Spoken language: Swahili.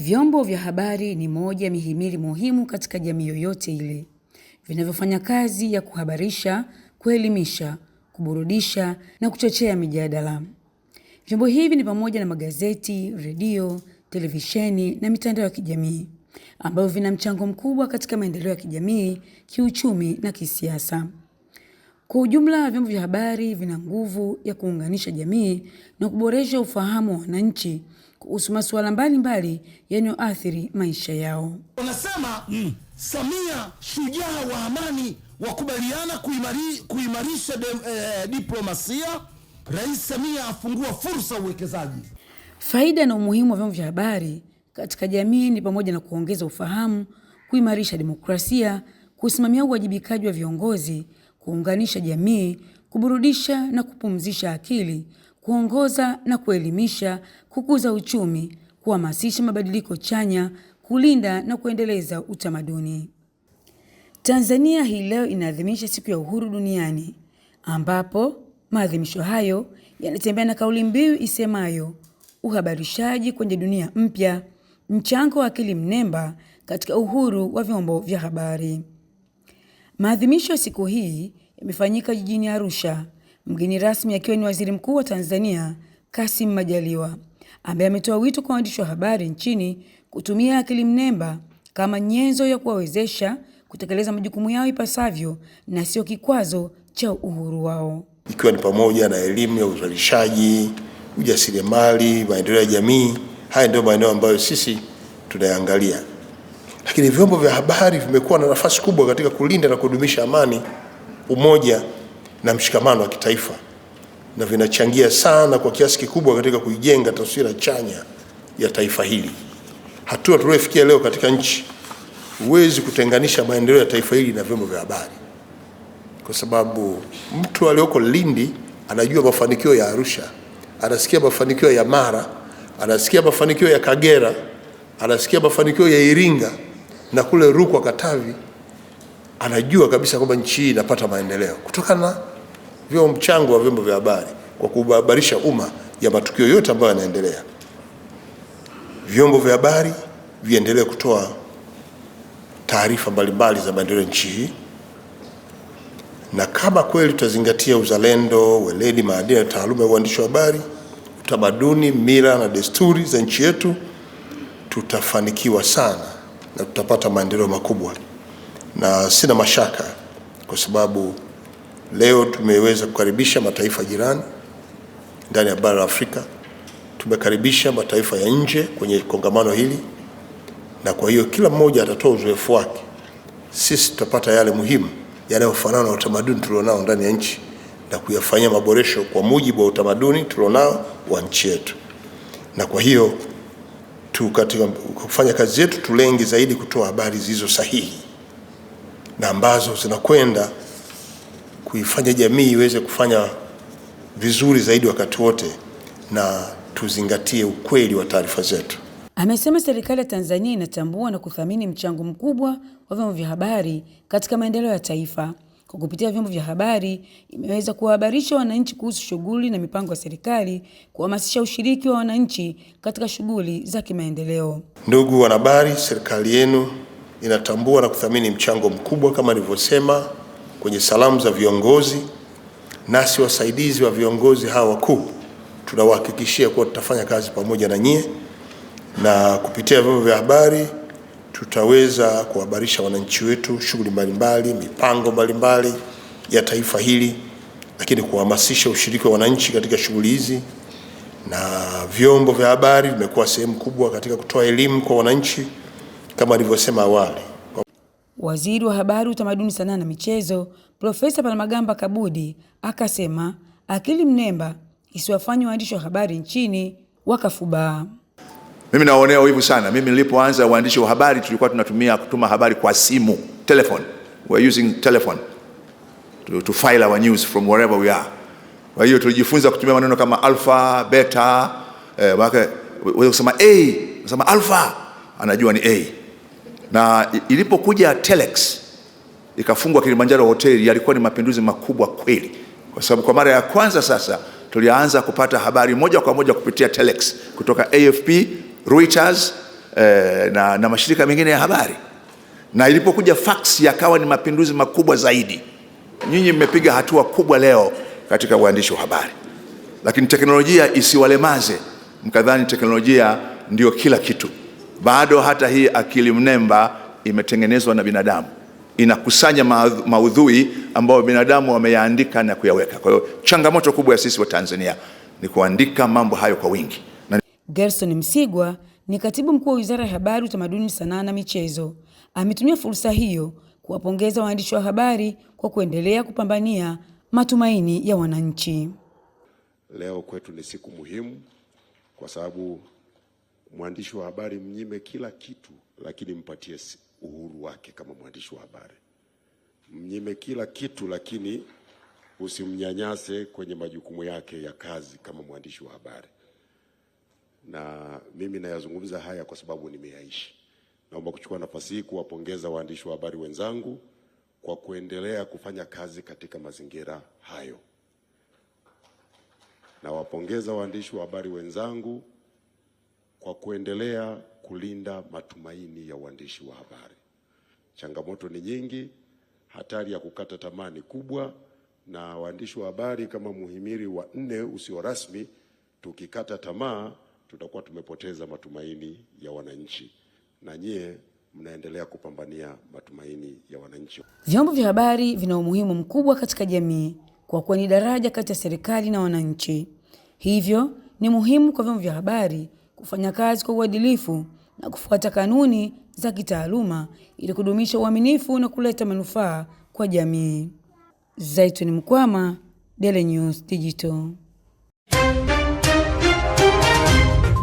Vyombo vya habari ni moja ya mihimili muhimu katika jamii yoyote ile, vinavyofanya kazi ya kuhabarisha, kuelimisha, kuburudisha na kuchochea mijadala. Vyombo hivi ni pamoja na magazeti, redio, televisheni na mitandao ya kijamii ambavyo vina mchango mkubwa katika maendeleo ya kijamii, kiuchumi na kisiasa. Kwa ujumla, vyombo vya habari vina nguvu ya kuunganisha jamii na kuboresha ufahamu wa wananchi kuhusu masuala mbalimbali yanayoathiri maisha yao. Wanasema mm, Samia shujaa wa amani, wakubaliana kuimari, kuimarisha eh, eh, diplomasia. Rais Samia afungua fursa uwekezaji. Faida na umuhimu wa vyombo vya habari katika jamii ni pamoja na kuongeza ufahamu, kuimarisha demokrasia, kusimamia uwajibikaji wa viongozi kuunganisha jamii, kuburudisha na kupumzisha akili, kuongoza na kuelimisha, kukuza uchumi, kuhamasisha mabadiliko chanya, kulinda na kuendeleza utamaduni. Tanzania hii leo inaadhimisha Siku ya Uhuru Duniani, ambapo maadhimisho hayo yanatembea na kauli mbiu isemayo uhabarishaji kwenye dunia mpya, mchango wa akili mnemba katika uhuru wa vyombo vya habari. Maadhimisho ya siku hii yamefanyika jijini Arusha, mgeni rasmi akiwa ni Waziri Mkuu wa Tanzania Kassim Majaliwa, ambaye ametoa wito kwa waandishi wa habari nchini kutumia akili mnemba kama nyenzo ya kuwawezesha kutekeleza majukumu yao ipasavyo na sio kikwazo cha uhuru wao, ikiwa ni pamoja na elimu ya uzalishaji, ujasiriamali, maendeleo ya jamii. Haya ndio maeneo ambayo sisi tunayaangalia lakini vyombo vya habari vimekuwa na nafasi kubwa katika kulinda na kudumisha amani, umoja na mshikamano wa kitaifa na vinachangia sana kwa kiasi kikubwa katika kuijenga taswira chanya ya taifa hili. Hatua tuliyofikia leo katika nchi, huwezi kutenganisha maendeleo ya taifa hili na vyombo vya habari, kwa sababu mtu aliyoko Lindi anajua mafanikio ya Arusha, anasikia mafanikio ya Mara, anasikia mafanikio ya Kagera, anasikia mafanikio ya Iringa na kule Rukwa Katavi, anajua kabisa kwamba nchi hii inapata maendeleo kutokana na vyo mchango wa vyombo vya habari kwa kuhabarisha umma ya matukio yote ambayo yanaendelea. Vyombo vya habari viendelee kutoa taarifa mbalimbali za maendeleo nchi hii, na kama kweli tutazingatia uzalendo, weledi, maadili na taaluma ya uandishi wa habari, utamaduni, mila na desturi za nchi yetu, tutafanikiwa sana na tutapata maendeleo makubwa, na sina mashaka kwa sababu leo tumeweza kukaribisha mataifa jirani ndani ya bara la Afrika, tumekaribisha mataifa ya nje kwenye kongamano hili, na kwa hiyo kila mmoja atatoa uzoefu wake. Sisi tutapata yale muhimu yanayofanana na utamaduni tulionao ndani ya nchi na kuyafanyia maboresho kwa mujibu wa utamaduni tulionao wa nchi yetu, na kwa hiyo tu katika kufanya kazi yetu tulenge zaidi kutoa habari zilizo sahihi na ambazo zinakwenda kuifanya jamii iweze kufanya vizuri zaidi wakati wote na tuzingatie ukweli wa taarifa zetu. Amesema serikali ya Tanzania inatambua na kuthamini mchango mkubwa wa vyombo vya habari katika maendeleo ya taifa kwa kupitia vyombo vya habari imeweza kuwahabarisha wananchi kuhusu shughuli na mipango ya serikali, kuhamasisha ushiriki wa wananchi katika shughuli za kimaendeleo. Ndugu wanahabari, serikali yenu inatambua na kuthamini mchango mkubwa kama nilivyosema kwenye salamu za viongozi, nasi wasaidizi wa viongozi hawa wakuu tunawahakikishia kuwa tutafanya kazi pamoja na nyie na kupitia vyombo vya habari tutaweza kuhabarisha wananchi wetu shughuli mbalimbali, mipango mbalimbali ya taifa hili, lakini kuhamasisha ushiriki wa wananchi katika shughuli hizi, na vyombo vya habari vimekuwa sehemu kubwa katika kutoa elimu kwa wananchi kama alivyosema awali. Waziri wa Habari, Utamaduni, Sanaa na Michezo Profesa Palamagamba Kabudi akasema akili mnemba isiwafanye waandishi wa habari nchini wakafubaa. Mimi naonea wivu sana. Mimi nilipoanza waandishi wa habari tulikuwa tunatumia kutuma habari kwa simu, telephone. We using telephone to, to file our news from wherever we are. Kwa hiyo tulijifunza kutumia maneno kama alpha, beta, eh, wake wewe kusema A, unasema alpha, anajua ni A. Na ilipokuja telex ikafungwa Kilimanjaro hoteli, yalikuwa ni mapinduzi makubwa kweli, kwa sababu kwa mara ya kwanza sasa tulianza kupata habari moja kwa moja kupitia telex kutoka AFP Reuters eh, na, na mashirika mengine ya habari, na ilipokuja fax yakawa ni mapinduzi makubwa zaidi. Nyinyi mmepiga hatua kubwa leo katika uandishi wa habari, lakini teknolojia isiwalemaze mkadhani teknolojia ndio kila kitu. Bado hata hii akili mnemba imetengenezwa na binadamu, inakusanya maudhui ambayo binadamu wameyaandika na kuyaweka. Kwa hiyo changamoto kubwa ya sisi wa Tanzania ni kuandika mambo hayo kwa wingi. Gerson Msigwa ni katibu mkuu wa Wizara ya Habari, Utamaduni, Sanaa na Michezo ametumia fursa hiyo kuwapongeza waandishi wa habari kwa kuendelea kupambania matumaini ya wananchi. Leo kwetu ni siku muhimu kwa sababu mwandishi wa habari mnyime kila kitu, lakini mpatie uhuru wake kama mwandishi wa habari. Mnyime kila kitu, lakini usimnyanyase kwenye majukumu yake ya kazi kama mwandishi wa habari na mimi nayazungumza haya kwa sababu nimeyaishi. Naomba kuchukua nafasi hii kuwapongeza waandishi wa habari wenzangu kwa kuendelea kufanya kazi katika mazingira hayo. Nawapongeza waandishi wa habari wenzangu kwa kuendelea kulinda matumaini ya uandishi wa habari. Changamoto ni nyingi, hatari ya kukata tamaa ni kubwa, na waandishi wa habari kama muhimili wa nne usio rasmi, tukikata tamaa tutakuwa tumepoteza matumaini ya wananchi, na nyie mnaendelea kupambania matumaini ya wananchi. Vyombo vya habari vina umuhimu mkubwa katika jamii kwa kuwa ni daraja kati ya serikali na wananchi, hivyo ni muhimu kwa vyombo vya habari kufanya kazi kwa uadilifu na kufuata kanuni za kitaaluma ili kudumisha uaminifu na kuleta manufaa kwa jamii. Zaituni Mkwama, Daily News Digital.